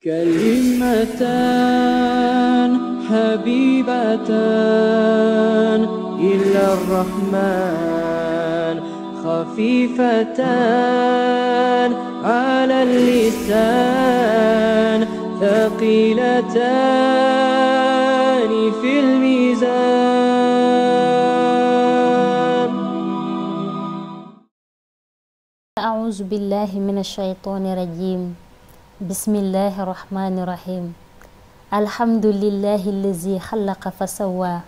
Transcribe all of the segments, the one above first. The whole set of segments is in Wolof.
كلمتان حبيبتان إلى الرحمن خفيفتان على اللسان ثقيلتان في الميزان أعوذ بالله من الشيطان الرجيم bismillahi rahmani rahim alhamdulillahi allazi xalaqa fa sawaa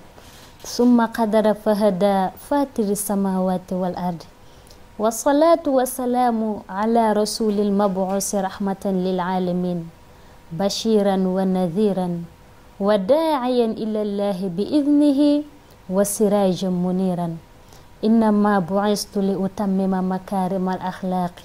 summa qadara fa hada fatiri samawati wal ard wasalaatu wasalaamu ala rasulil mabuusi rahmatan lil bashiran wa nadiran wa daaciyan ilallahi muniran innama buistu li utammima makaarima al axlaaqi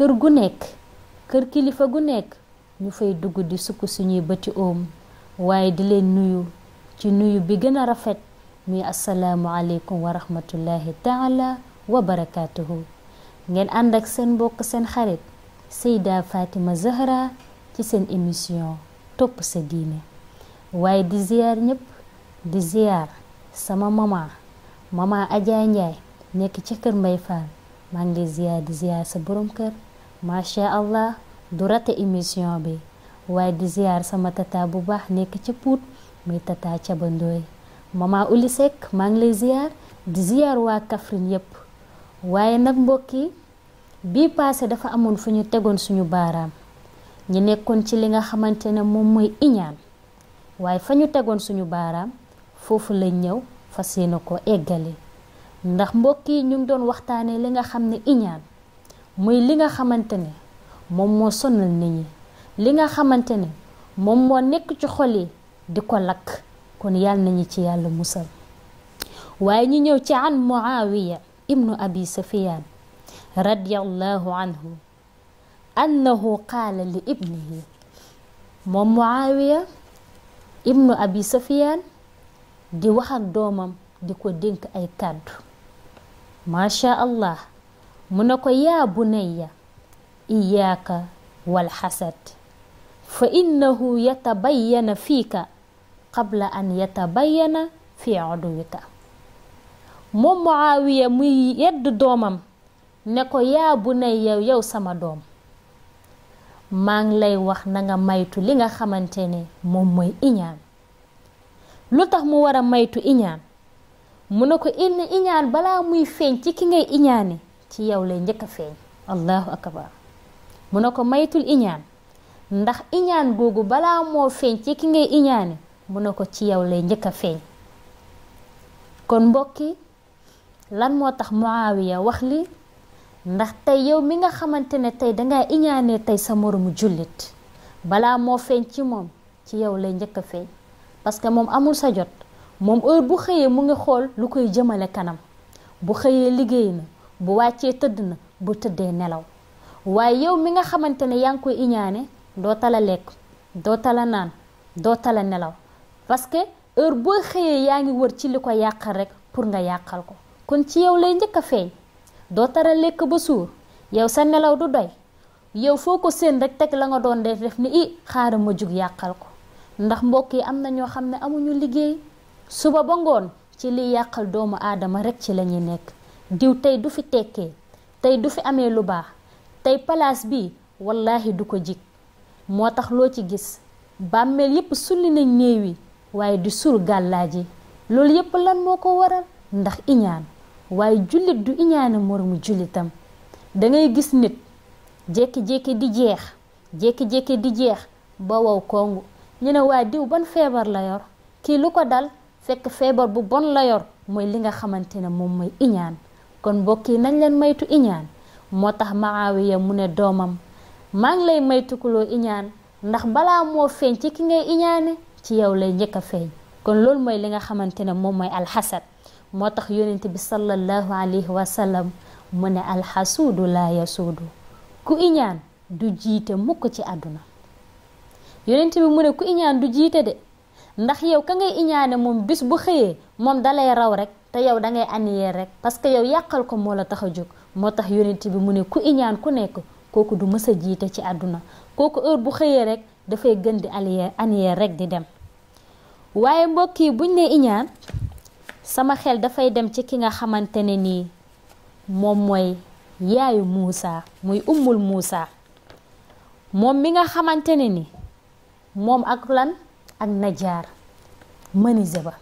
kër gu nekk kër kilifa gu nekk ñu fay dugg di sukk suñuy bëti oom waaye di leen nuyu ci nuyu bi gën a rafet muy asalaamualeykum wa rahmatullahi taala wa barakaatuhu ngeen ànd ak seen mbokk seen xarit Seyda Fatima Zahra ci seen émission topp sa diine waaye di ziyaar ñëpp di ziyaar sama mama mama Adja Ndiaye nekk ci kër Mbay Fall maa ngi lay ziyaar di ziyaar sa borom kër macha allah du rate émission bi waaye di ziyaar sama tata bu baax nekk ca puut muy tata ca bandooy mama uli Seck maa ngi lay ziyaar di ziyaar waa Kaffrine yépp waaye nag mbokki bii paase dafa amoon fu ñu tegoon suñu baaraam ñu nekkoon ci li nga xamante ne moom mooy iñaan waaye fa ñu tegoon suñu baaraam foofu lañ ñëw fas yéene ko eggale ndax mbokki ñu ngi doon waxtaanee li nga xam ne iñaan muy li nga xamante ne moom moo sonal nit ñi li nga xamante ne moom moo nekk ci xol yi di ko lakk kon yàlla nañu ci yàlla musal waaye ñu ñëw ci an muawiya ibnu abi sufiyaan radiyallahu anhu annahu li ibnihi moom muawiya ibnu abi sufiyaan di wax doomam di ko dénk ay kàddu macha allah mu ne ko yaa bunayya iyaaka walxasad fa innahu yatabayyana fiika qabla an yatabayyana fi aduwika moom Muawiya muy yedd doomam ne ko yaa bunayya yow sama doom maa ngi lay wax na nga maytu li nga xamante ne moom mooy iñaan lu tax mu war a maytu iñaan mu ne ko inn iñaan balaa muy feeñ ci ki ngay iñaane ci yow lay njëkk a feeñ allahu akbar mu ne ko maytul iñaan ndax iñaan googu balaa moo feeñ ci ki ngay iñaani mu ne ko ci yow lay njëkk a feeñ kon mbokki lan moo tax Muawiya wax li ndax tey yow mi nga xamante ne tey dangaa iñaanee tey sa moroomu jullit balaa moo feeñ ci moom ci yow lay njëkk a feeñ parce que moom amul sa jot moom heure bu xëyee mu ngi xool lu koy jëmale kanam bu xëyee liggéey na bu wàccee tëdd na bu tëddee nelaw waaye yow mi nga xamante ne yaa ngi koy iñaane doo a lekk doo a naan dootal tala nelaw parce que heure boo xëyee yaa ngi wër ci li ko yàqal rek pour nga yàqal ko kon ci yow lay njëkk a feeñ doo tara lekk ba suur yow sa nelaw du doy yow foo ko séen rek teg la nga doon def def ni i xaaral ma jug yàqal ko ndax mbokk yi am na ñoo xam ne amuñu liggéey suba ba ngoon ci liy yàqal doomu aadama rek ci lañuy nekk diw tey du fi tekkee tey du fi amee lu baax tey palaas bi wallaahi du ko jig moo tax loo ci gis bàmmeel yépp sulli nañ néew yi waaye di sur gàllaaji loolu yépp lan moo ko waral ndax iñaan waaye jullit du iñaane moromu jullitam da ngay gis nit jékki-jékki di jeex jékki-jékki di jeex ba wow kongu ñu ne diw ban feebar la yor kii lu ko dal fekk feebar bu bon la yor mooy li nga xamante ne moom mooy iñaan kon mbokk yi nañ leen maytu iñaan moo tax Muawiya mu ne doomam maa ngi lay maytukuloo iñaan ndax balaa moo feeñ ci ki ngay iñaane ci yow lay njëkk a feeñ kon loolu mooy li nga xamante ne moom mooy alxasad moo tax yonent bi sallallahu alayhi wa sallam mu ne alxasuudu laa yasuudu ku iñaan du jiite mukk ci àdduna yonent bi mu ne ku iñaan du jiite de ndax yow ka ngay iñaane moom bis bu xëyee moom dalay raw rek te yow da ngay anniyeer rek parce que yow yàqal ko moo la tax a jóg moo tax yonent bi mu ne ku iñaan ku nekk kooku du mës a jiite ci àdduna kooku heure bu xëyee rek dafay gën di anniyeer anniyeer rek di dem waaye mbokk yi buñ ne iñaan sama xel dafay dem ci ki nga xamante ne nii moom mooy yaayu muusaa muy umul muusaa moom mi nga xamante ne ni moom ak lan ak na najaar mënise ba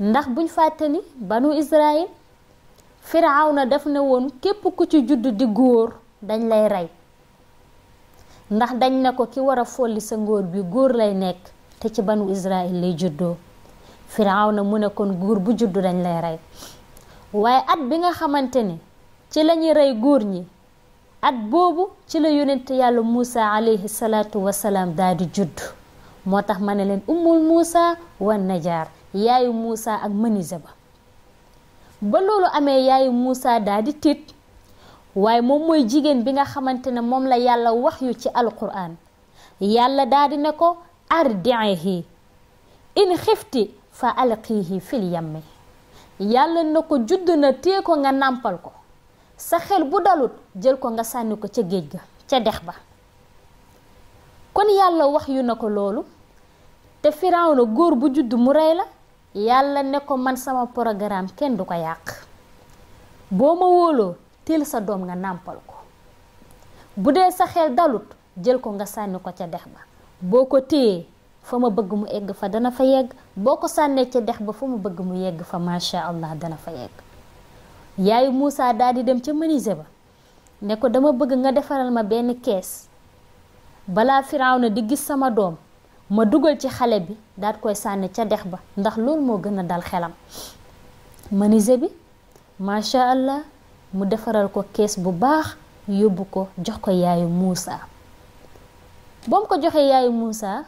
ndax buñ fàtte ni banu Israël Firawna def ne woon képp ku ci judd di góor dañ lay rey ndax dañ na ko ki war folli sa ngóor bi góor lay nekk te ci banu Israël lay juddoo Firawna mu ne kon góor bu juddu dañ lay rey waaye at bi nga xamante ni ci lañuy rey góor ñi at boobu ci la yonent yàlla Muusa alayhi salaatu wasalaam daal di judd moo tax ma ne leen ummul Moussa wa Najaar yaayu muusa ak Manise ba ba loolu amee yaayu muusa daa tiit waaye moom mooy jigéen bi nga xamante ne moom la yàlla wax yu ci alquran yàlla daa di ne ko yi in xifti fa alqiihi fil yammi yàlla na ko judd na téye ko nga nàmpal ko sa xel bu dalut jël ko nga sànni ko ca géej ga ca dex ba kon yàlla wax yu na ko loolu te firawna góor bu judd mu rey la yàlla ne ko man sama programme kenn du ko yàq boo ma wóoloo teel sa doom nga nàmpal ko bu dee sa xel dalut jël ko nga sànni ko ca dex ba boo ko téyee fa ma bëgg mu egg fa dana fa yegg boo ko sànnee ca dex ba fa ma bëgg mu yegg fa macha allah dana fa yegg yaayu Moussa daal di dem ca menuisier ba ne ko dama bëgg nga defaral ma benn kees balaa na di gis sama doom ma dugal ci xale bi daat koy sànni ca dex ba ndax loolu moo gën a dal xelam mënise bi macha allah mu defaral ko kees bu baax yóbbu ko jox ko yaayu Muusa ba mu ko joxee yaayu Muusa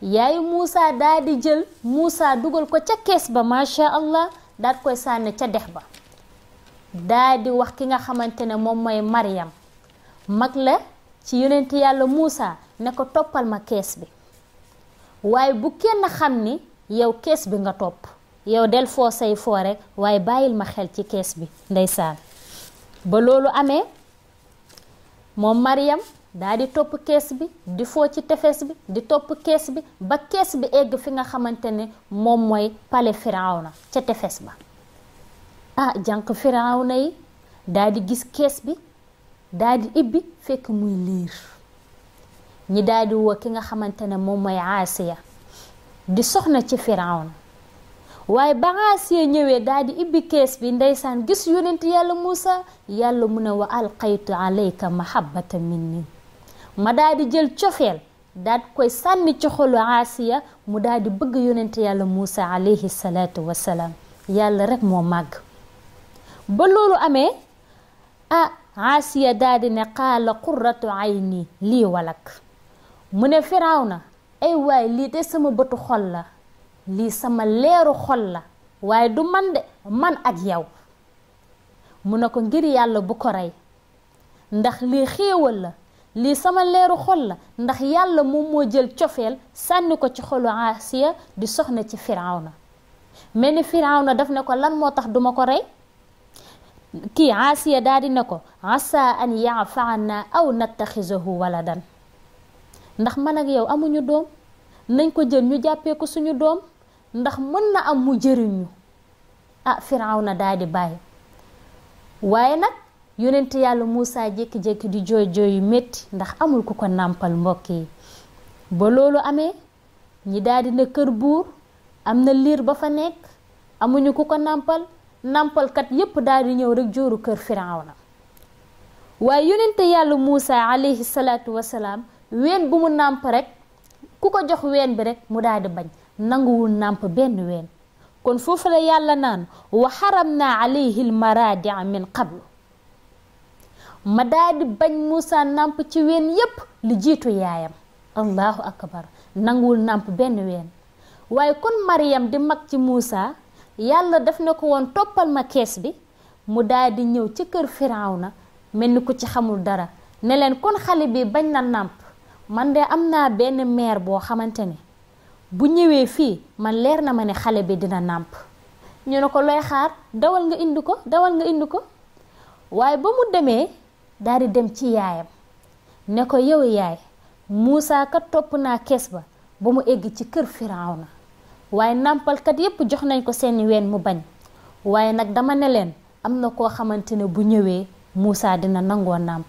yaayu Muusa daa di jël Muusa dugal ko ca kees ba macha allah daat koy sànni ca dex ba daa di wax ki nga xamante ne moom mooy mariyam mag la ci yonent yàlla Muusa ne ko toppal ma kees bi waaye bu kenn xam ni yow kees bi nga topp yow del foo say foo rek waaye bàyyil ma xel ci kees bi ndeysaan ba loolu amee moom Mariam daa di topp kees bi di foo ci tefes bi di topp kees bi ba kees bi egg fi nga xamante ne moom mooy pale Firawna ca tefes ba ah jànq Firawna yi daa di gis kees bi daal di ibbi fekk muy liir ñi daal woo ki nga xamante ne moom mooy Aasiya di soxna ci Firawna waaye ba Aasiya ñëwee daal di ibbi kees bi ndeysaan gis yonent yàlla Muusa yàlla mu ne wa alqaytu alayka mahabbata minni ma daal jël cofeel daal koy sànni ci xolu Aasiya mu daal bëgg yonent yàlla Muusa alayhi salaatu wasalaam yàlla rekk moo màgg ba loolu amee ah Asiya daadi di ne qaala qurratu ayni lii walak mu ne Firawna ay waay lii de sama bëtu xol la lii sama leeru xol la waaye du man de man ak yow mu ne ko ngir yàlla bu ko rey ndax lii xéewal la lii sama leeru xol la ndax yàlla moom moo jël cofeel sànni ko ci xolu Asiya di soxna ci na mel ni na daf ne ko lan moo tax duma ko rey kii aasiya daal di ne ko asa an yaafaana aw walla dan ndax man ak yow amuñu doom nañ ko jël ñu jàppee ko suñu doom ndax mën na am mu jëriñu ah firawna daal di bàyyi waaye nag yonent yàlla Moussa jékki-jékki di jooy jooy yu métti ndax amul ku ko nàmpal mbokk ba loolu amee ñi daal di ne kër buur am na liir ba fa nekk amuñu ku ko nàmpal nampalkat yépp daal ñëw rekk jooru kër firawna waaye yonente yàlla Muusa alayhi salaatu wasalaam ween bu mu nàmp rek ku ko jox ween bi rekk mu daal di bañ nanguwul nàmp benn ween kon foofu la yàlla naan wa xaram naa alayhi min qablu ma daal di bañ Muusa nàmp ci ween yépp li jiitu yaayam allahu akbar nanguwul nàmp benn ween waaye kon Maryam di mag ci Muusa yàlla daf ne ko woon toppal ma kees bi mu daal di ñëw ci kër na mel ni ko ci xamul dara ne leen kon xale bi bañ na nàmp man de am naa benn meer boo xamante ne bu ñëwee fii man leer na ma ne xale bi dina nàmp ñu ne ko looy xaar dawal nga indi ko dawal nga indi ko waaye ba mu demee daal di dem ci yaayam ne ko yow yaay Muusaa kat topp naa kees ba ba mu egg ci kër Firawna waaye nàmpalkat yépp jox nañ ko seeni ween mu bañ waaye nag dama ne leen am na koo xamante ne bu ñëwee Moussa dina nangoo nàmp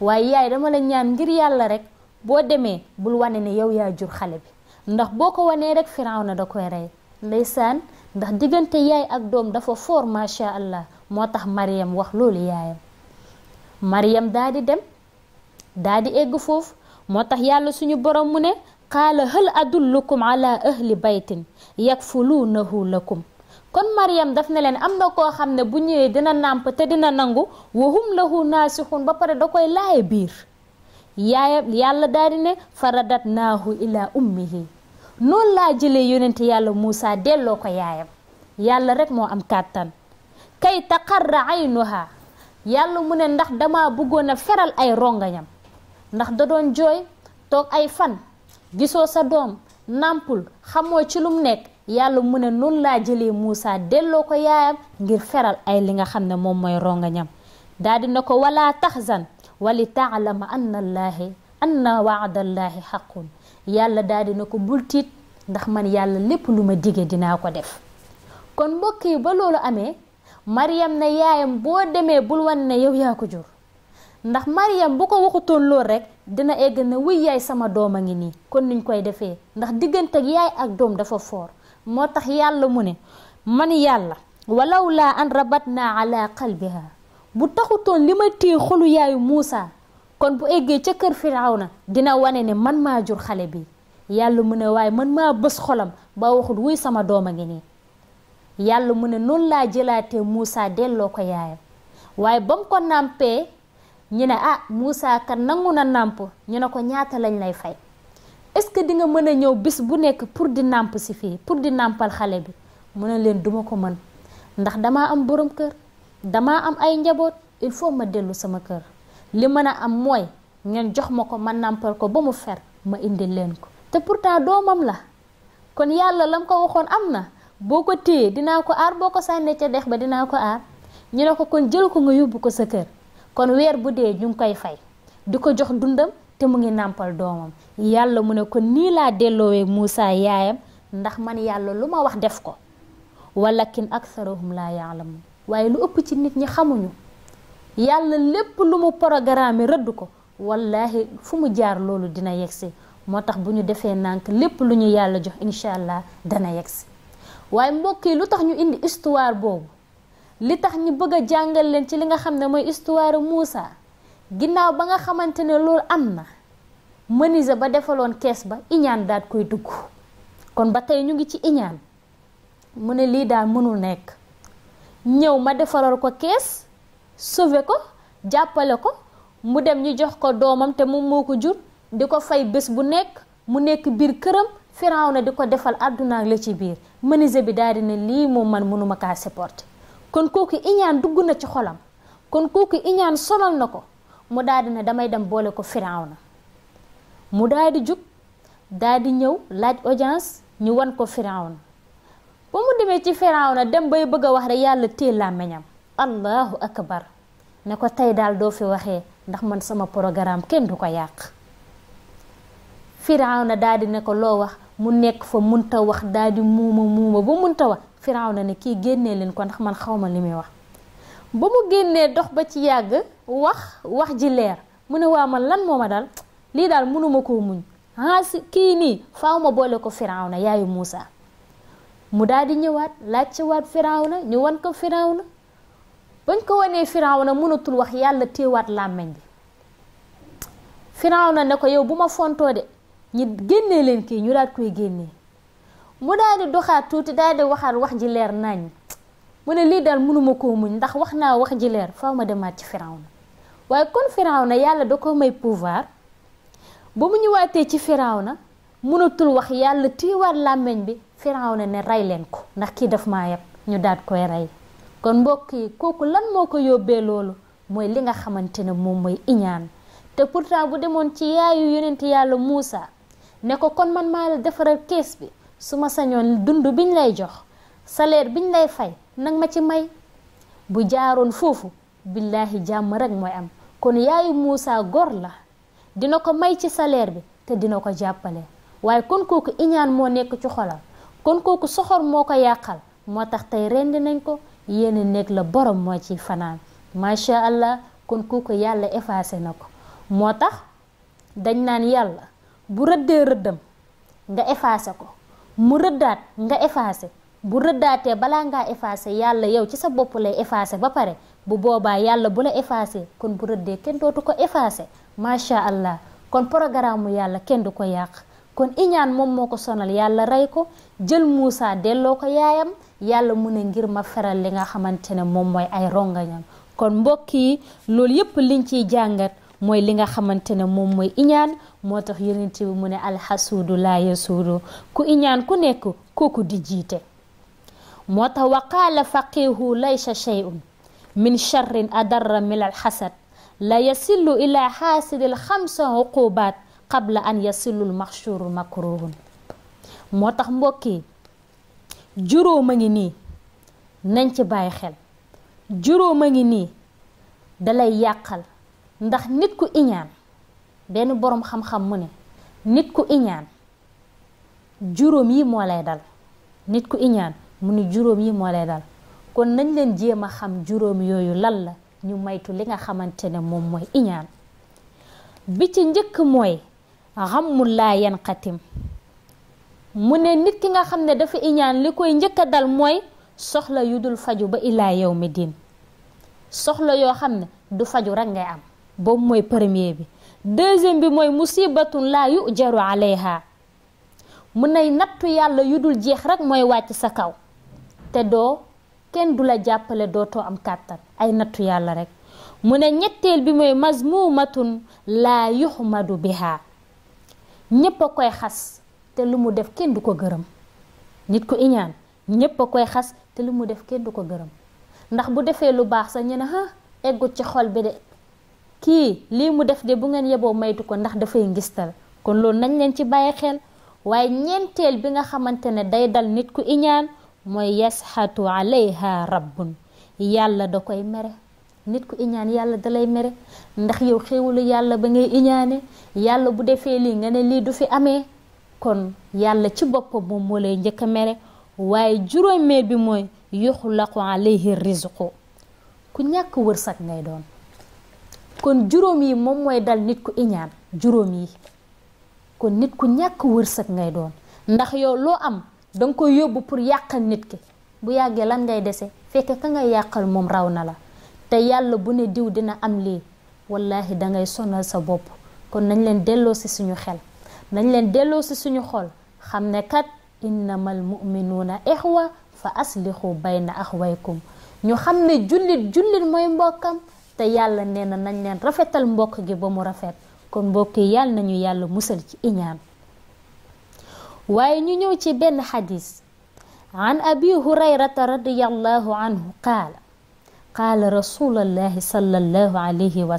waaye yaay dama la ñaan ngir yàlla rek boo demee bul wane ne yow yaa jur xale bi ndax boo ko wanee rek na da koy rey saan ndax diggante yaay ak doom dafa foor macha allah moo tax Mariam wax loolu yaayam Mariam daa di dem daa di egg foofu moo tax yàlla suñu borom mu ne qaala hal adullukum ala ahli baytin yakfuluunahu lakum kon Mariam daf ne leen am na koo xam ne bu ñëwee dina nàmp te dina nangu wahum lahu naasixuun ba pare da koy laaye biir yaayam yàlla daal di ne faradat naahu ila ummihi noonu laa jëlee yonent yàlla Moussa delloo ko yaayam yàlla rek moo am kàttan kay taqarra aynuha yàlla mu ne ndax dama bëggoon a feral ay rongañam ndax da doon jooy toog ay fan gisoo sa doom nàmpul xamoo ci lum nekk yàlla mu ne noonu laa jëlee Moussa delloo ko yaayam ngir feral ay li nga xam ne moom mooy rongañam daal dina ko wala taxzan wali taalama anna allaahi anna waadallaahi xaqun yàlla daal dina ko bul tiit ndax man yàlla lépp lu ma dige dinaa ko def kon mbokk yi ba loolu amee mariyam na yaayam boo demee bul wan ne yow yaa ko jur ndax Mariam bu ko waxutoon loolu rek dina egg na wuy yaay sama doom a ngi nii kon niñ koy defee ndax diggante ak yaay ak doom dafa foor moo tax yàlla mu ne man yàlla walaw laa an rabatnaa ala qalbiha bu taxutoon li ma téye xolu yaayu kon bu eggee ca kër Firawna dina wane ne man maa jur xale bi yàlla mu ne waaye man maa bës xolam ba waxul wuy sama doom a ngi nii yàlla mu ne noonu laa jëlaatee muusaa delloo ko yaayam waaye bam ko nàmpee ñu ne ah Moussa kat nangu na nàmp ñu ne ko ñaata lañ lay fay est-ce que di nga mën a ñëw bis bu nekk pour di nàmp si fii pour di nàmpal xale bi mu ne leen duma ko mën ndax dama am borom kër damaa am ay njaboot il faut ma dellu sama kër li mën a am mooy ngeen jox ma ko ma nàmpal ko ba mu fer ma indil leen ko te pourtant doomam la kon yàlla lam ko waxoon am na boo ko téyee dinaa ko aar boo ko sànnee ca dex ba dinaa ko aar ñu ne ko kon jël ko nga yóbbu ko sa kon weer bu dee ñu ngi koy fay di ko jox dundam te mu ngi nàmpal doomam yàlla mu ne ko nii laa delloowee Moussa yaayam ndax man yàlla lu ma wax def ko walla walakin aksarahum laa yaalamun waaye lu ëpp ci nit ñi xamuñu yàlla lépp lu mu programme rëdd ko wallaahi fu mu jaar loolu dina yegsi moo tax bu ñu defee nànk lépp lu ñu yàlla jox incha allah dana yegsi waaye mbokk lu tax ñu indi histoire boobu li tax ñu bëgg a jàngal leen ci li nga xam ne mooy histoire muusa ginnaaw ba nga xamante ne loolu am na menuisier ba defaloon kees ba iñaan daat koy dugg kon ba tey ñu ngi ci iñaan mu ne lii daal mënul nekk ñëw ma defaral ko kees sauver ko jàppale ko mu dem ñu jox ko doomam te moom moo ko jur di ko fay bés bu nekk mu nekk biir këram na di ko defal àdduna la ci biir menuisier bi daal di ne lii moom man mënuma kaa supporter kon kooku iñaan dugg na ci xolam kon kooku iñaan sonal na ko mu daal di ne damay dem boole ko na mu daal di jug daal di ñëw laaj audience ñu wan ko Firawna ba mu demee ci na dem bay bëgg a wax rek yàlla téye làmmiñam allahu akbar ne ko tey daal doo fi waxee ndax man sama programme kenn du ko yàq Firawna daal di ne ko loo wax mu nekk fa munta wax daldi muuma muuma ba munta wax na ne kii génne leen ko ndax man xawma li muy wax ba mu génnee dox ba ci yàgg wax wax ji leer mu ne waa man lan mooma ma dal lii daal mënuma koo muñ ah si kii nii faaw ma boole ko na yaayu Muusa mu daal di ñëwaat laajte waat Firawna ñu wan ko Firawna bañ ko wanee na mënatul wax yàlla téewaat làmmiñ bi na ne ko yow bu ma fontoo de ñi génnee leen kii ñu daat koy génnee mu daal di doxaat tuuti daal di waxaat wax ji leer nañ mu ne lii daal mënuma koo muñ ndax wax naa wax ji leer faaw ma demaat ci Firawna waaye kon na yàlla da ko may pouvoir ba mu ñëwaatee ci na mënatul wax yàlla tiiwaat làmmiñ bi Firawna ne rey leen ko ndax kii daf ma yeb ñu daat koy rey kon mbokk yi kooku lan moo ko yóbbee loolu mooy li nga xamante ne moom mooy iñaan te pourtant bu demoon ci yaayu yonent yàlla Muusa ne ko kon man maa kees bi su ma sañoon dund biñ lay jox salaire biñ lay fay nag ma ci may bu jaaroon foofu billaahi jàmm rek mooy am kon yaayu Moussa gor la dina ko may ci salaire bi te dina ko jàppale waaye kon kooku iñaan moo nekk ci xolam kon kooku soxor moo ko yàqal moo tax tey rend nañ ko yéen néeg la borom moo ciy fanaan macha allah kon kooku yàlla effacé na ko moo tax dañ naan yàlla bu rëddee rëddam nga effacé ko mu rëddaat nga effacé bu rëddaatee balaa ngaa effacé yàlla yow ci sa bopp lay effacé ba pare bu boobaa yàlla bu la effacé kon bu rëddee kenn dootu ko effasé macha allah kon programme mu yàlla kenn du ko yàq kon iñaan moom moo ko sonal yàlla rey ko jël Moussa delloo ko yaayam yàlla mu ne ngir ma feral li nga xamante ne moom mooy ay rongañam kon mbokk yi yépp liñ ciy jàngat mooy li nga xamante ne moom mooy iñaan moo tax yonent bi mu ne alxasuudu laa yasuudu ku iñaan ku nekku kooku di jiite moo tax wa qaala faqihu laysa shay'un min charrin adarra min alxasad la yasillu ila xaasidil xamsa uqubaat qabla an yasillul maxshuru makruhun moo tax mbokk yi juróom a ngi nii nañ ci bàyyi xel juróom a ngi nii dalay yàqal ndax nit ku iñaan benn boroom xam-xam mu ne nit ku iñaan juróom yi moo lay dal nit ku iñaan mu ne juróom yi moo lay dal kon nañ leen jéem a xam juróom yooyu lan la ñu maytu li nga xamante ne moom mooy iñaan bi ci njëkk mooy xammul laa yanqatim mu ne nit ki nga xam ne dafa iñaan li koy njëkk a dal mooy soxla yu dul faju ba ilaa yow mi diin soxla yoo xam ne du faju rekk ngay am boobu mooy premier bi deuxième bi mooy musibatun laa yu jaru aleyha mu nay nattu yàlla yu dul jeex rek mooy wàcc sa kaw te doo kenn du la jàppale dootoo am kàttan ay nattu yàlla rek mu ne ñetteel bi mooy mazmuumatun laa yuxmadu biha ñépp a koy xas te lu mu def kenn du ko gërëm nit ku iñaan ñépp a koy xas te lu mu def kenn du ko gërëm ndax bu defee lu baax sax ñu eggut ci xol bi de kii lii mu def de bu ngeen yeboo maytu ko ndax dafay ngistal kon loolu nañ leen ci bàyyi xel waaye ñeenteel bi nga xamante ne day dal nit ku iñaan mooy yasxatu alayha rabbun yàlla da koy mere nit ku iñaan yàlla dalay mere ndax yow xéewalu yàlla ba ngay iñaane yàlla bu defee lii nga ne lii du fi amee kon yàlla ci boppam moom moo lay njëkk mere waaye juróomeel bi mooy yuxlaqu alayhi rizqu ku ñàkk wërsag ngay doon kon juróom yi moom mooy dal nit ku iñaan juróom yi kon nit ku ñàkk wërsëg ngay doon ndax yow loo am danga koy yóbbu pour yàqal nit ki bu yàggee lan ngay dese fekk ka ngay yàqal moom raw na la te yàlla bu ne diw dina am lii wallaahi dangay sonal sa bopp kon nañ leen delloo si suñu xel nañ leen delloo si suñu xol xam ne kat innamal muminuuna ixwa fa aslixu bayna axwaykum ñu xam ne jullit jullit mooy mbokkam te yàlla nee nañ leen rafetal mbokk gi ba mu rafet kon mbokk yi yàlla nañu yàlla musal ci iñaan waaye ñu ñëw ci benn xadis an abi hurayrata radiallahu anhu qaala qaala rasulallahi sallallahu alayhi wa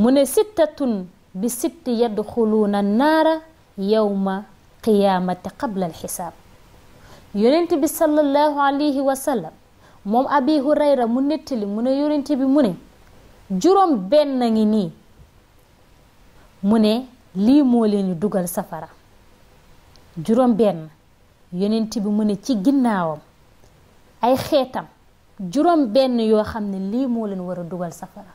mu ne sittatun bi sitti yadxuluuna naar yowma qiyaamati qabla alxisaab moom abi hurayra mu nettali mu ne yonent bi mu ne juróom nii mu ne lii moo leen dugal safara juróom benn yonent bi mu ne ci ginnaawam ay xeetam juróom benn yoo xam ne lii moo leen war a dugal safara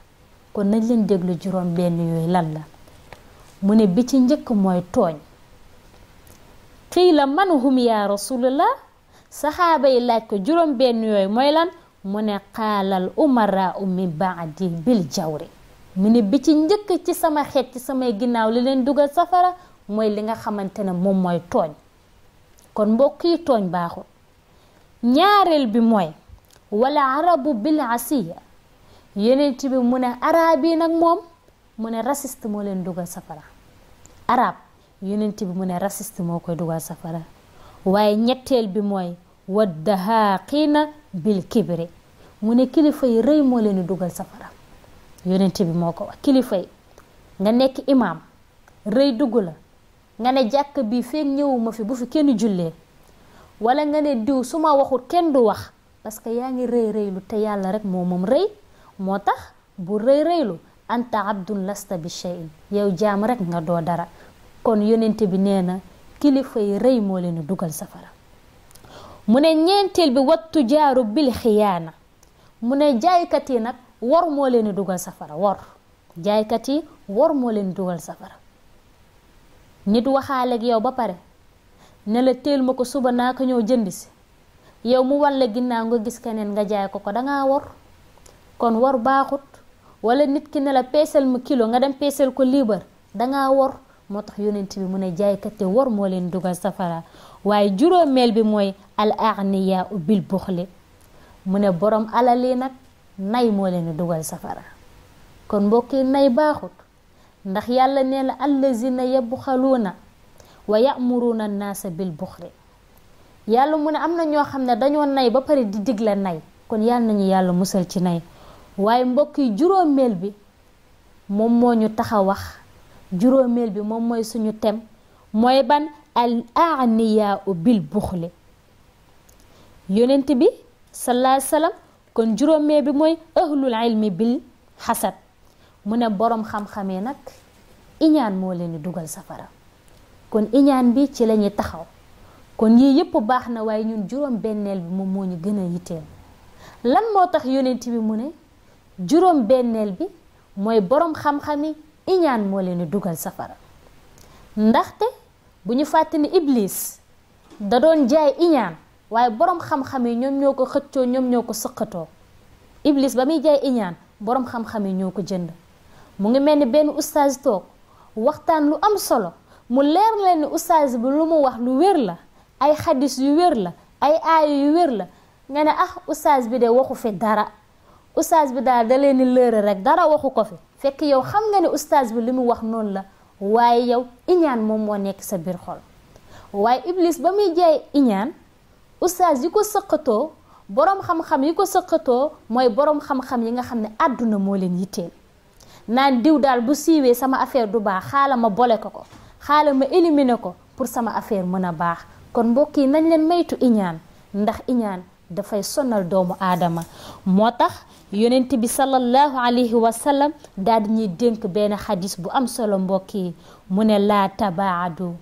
kon nañ leen déglu juróom benn yooyu lan la mu ne bi ci njëkk mooy tooñ xiila man hum yaa rasulallah saxaaba yi laaj ko juróom benn yooyu mooy lan mu ne xaalal umara min baadi bil jawri mu ne bi ci njëkk ci sama xeet ci samay ginnaaw li leen dugal safara mooy li nga xamante ne moom mooy tooñ kon mbokk yi tooñ baaxu ñaareel bi mooy wala arabu bil asiya yenent bi mu ne arab nag moom mu ne raciste moo leen dugal safara arab yenent bi mu ne racist moo koy dugal safara waaye ñetteel bi mooy waddahaaqina bil kibri mu ne kilifa yi rëy moo leen dugal safara yonent bi moo ko wax kilifa nga nekk imaam rëy dugg la nga ne jàkk bi feek ñëwuma fi bu fi kenn jullee wala nga ne diw su ma waxut kenn du wax parce que yaa ngi rëy rëylu te yàlla rek moo moom rëy moo tax bu rëy rëylu anta abdun lasta bi cheyin yow jaam rek nga doo dara kon yonent bi nee na kilifa yi rëy moo leen dugal safara mu ne ñeenteel bi wattu jaaru bil na mu ne jaaykat yi nag wor moo leen dugal safara wor jaaykat yi wor moo leen dugal safara nit waxaale ak yow ba pare nela teel ma ko suba naa ko ñëw jënd si yow mu walla ginnaaw nga gis keneen nga jaay ko ko danga wor kon wor baaxut wala nit ki nela la ma kilo nga dem peesal ko liibar danga wor moo tax yonent bi mu ne jaaykat te war moo leen dugal safara waaye juróomeel bi mooy al agniya bil buxli mu ne borom alal yi nag nay moo leen dugal safara kon mbokki nay baaxut ndax yàlla nee na allazina yabxaluuna wa yamuruuna naasa bil buxli yàlla mu ne am na ñoo xam ne dañoo nay ba pare di digle nay kon yàlla nañu yàlla musal ci nay waaye mbokki juróomeel bi moom moo ñu tax wax juróomeel bi moom mooy suñu tem mooy ban al agniyaa u bil buxle yonent bi salaa salaam kon juróomeel bi mooy ahlul ilmi bil xasad mu ne boroom xam-xamee nag iñaan moo leen di dugal safara kon iñaan bi ci lañuy taxaw kon yii yëpp baax na waaye ñun juróom benneel bi moom moo ñu gën a yitteel lan moo tax yonent bi mu ne juróom benneel bi mooy boroom xam-xami iñaan moo leen di dugal safara ndaxte bu ñu fàtte ni iblis da doon jaay iñaan waaye boroom xam-xam yi ñoom ñoo ko xëccoo ñoom ñoo ko sëqatoo iblis ba muy jaay iñaan boroom xam-xam yi ñoo ko jënd mu ngi mel ni benn ustaas toog waxtaan lu am solo mu leer leen ni ustaas bi lu mu wax lu wér la ay xadis yu wér la ay aaya yu wér la nga ne ah ustaas bi de waxu fi dara oustaz bi daal da leen di lëre rek dara waxu ko fi fekk yow xam nga ne oustaz bi li mu wax noonu la waaye yow iñaan moom moo nekk sa biir xol waaye iblis ba muy jaay iñaan oustaz yi ko sëqatoo boroom xam-xam yi ko sëqatoo mooy boroom xam-xam yi nga xam ne àdduna moo leen yitteel naan diw daal bu siiwee sama affaire du baax xaala ma bole ko ko xaala ma éliminer ko pour sama affaire mën a baax kon mbokk yi nañ leen maytu iñaan ndax iñaan dafay sonal doomu aadama moo tax yonent bi sallallahu alayhi wa sallam daal di ñuy dénk benn xadis bu am solo mbokk yi mu ne laa tabaadu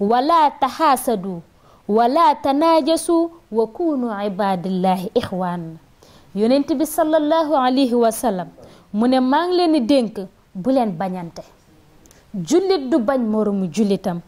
wala taxaasadu wala tanaajasu wa kunu ibadillahi ixwaan yonent sallallahu alayhi wa mu ne maa ngi leen di dénk bu bañante jullit du bañ moromu jullitam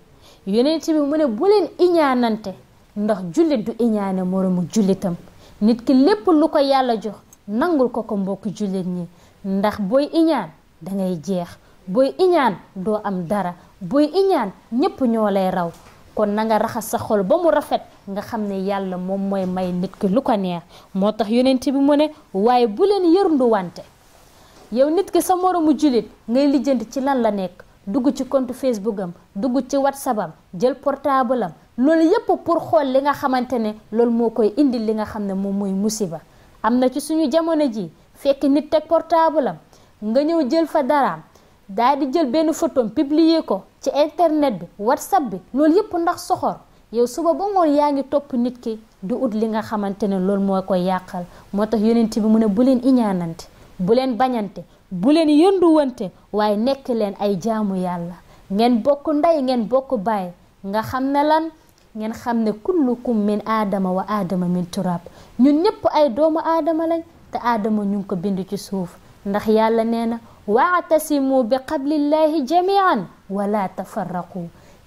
yonen bi mu ne bu iñaanante ndax jullit du iñaane moromu jullitam nit ki lépp lu ko yàlla jox nangul ko ko mbokk jullit ñi ndax booy iñaan dangay jeex booy iñaan doo am dara booy iñaan ñépp ñoo lay raw kon na nga raxas sa xol ba mu rafet nga xam ne yàlla moom mooy may nit ki lu ko neex moo tax yonent bi mu ne waaye bu leen yërndu wante yow nit ki sa moroomu jullit ngay lijjanti ci lan la nekk dugg ci compte Facebook am dugg ci WhatsApp am jël portable loolu yépp pour xool li nga xamante ne loolu moo koy indi li nga xam ne moom mooy musiba am na ci suñu jamono ji fekk nit teg portable am nga ñëw jël fa dara daal di jël benn photo publier ko ci internet bi whatsapp bi loolu yépp ndax soxor yow suba ba ngoon yaa ngi topp nit ki di ut li nga xamante ne loolu moo koy yàqal moo tax yonent bi mu ne bu leen iñaanante bu leen bañante bu leen yënduwante waaye nekk leen ay jaamu yàlla ngeen bokk ndey ngeen bokk baay ngeen xam ne kullukum min aadama wa aadama min turab ñun ñëpp ay doomu aadama lañ te aadama ñu ngi ko bind ci suuf ndax yàlla nee na waatasimu bi qablillahi jamian wala tafarraqu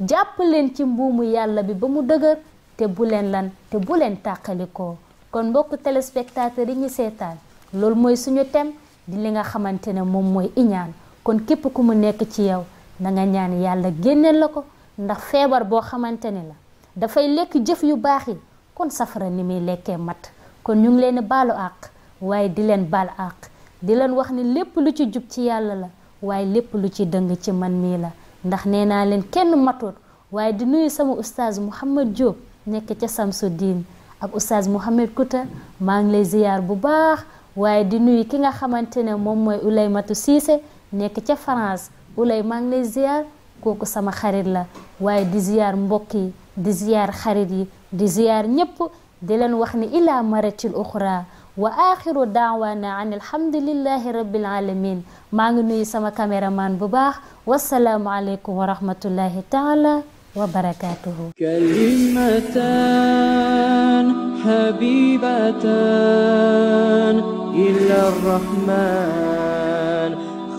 jàpp leen ci mbuumu yàlla bi ba mu dëgër te bu leen lan te bu leen tàqalikoo kon mbokk téléspectateurs yi ñu seetaan loolu mooy suñu thème di li nga xamante ne moom mooy iñaan kon képp ku mu nekk ci yow na nga ñaan yàlla génneen la ko ndax feebar boo xamante ne la dafay lekk jëf yu baaxi kon safara ni muy lekkee mat kon ñu ngi leen baalu àq waaye di leen baal àq di leen wax ni lépp lu ci jub ci yàlla la waaye lépp lu ci dëng ci man mii la ndax nee naa leen kenn matoot waaye di nuyu sama oustaz Mouhamed Diop nekk ca Samsudin ak oustaz Mouhamed Kouta maa ngi lay ziyaar bu baax waaye di nuyu ki nga xamante ne moom mooy matu Cissé nekk ca farance Oulay maa ngi lay kooku sama xarit la waaye di ziyaar mbokk yi di ziyaar xarit yi di ziyaar ñëpp wax ni ila maratil uxra wa alamin maa ngi nuyu sama caméraman bu baax wasalaamu aleykum wa rahmatullahi taala wa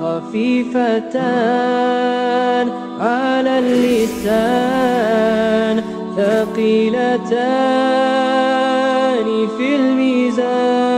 خفيفتان على اللسان ثقيلتان في الميزان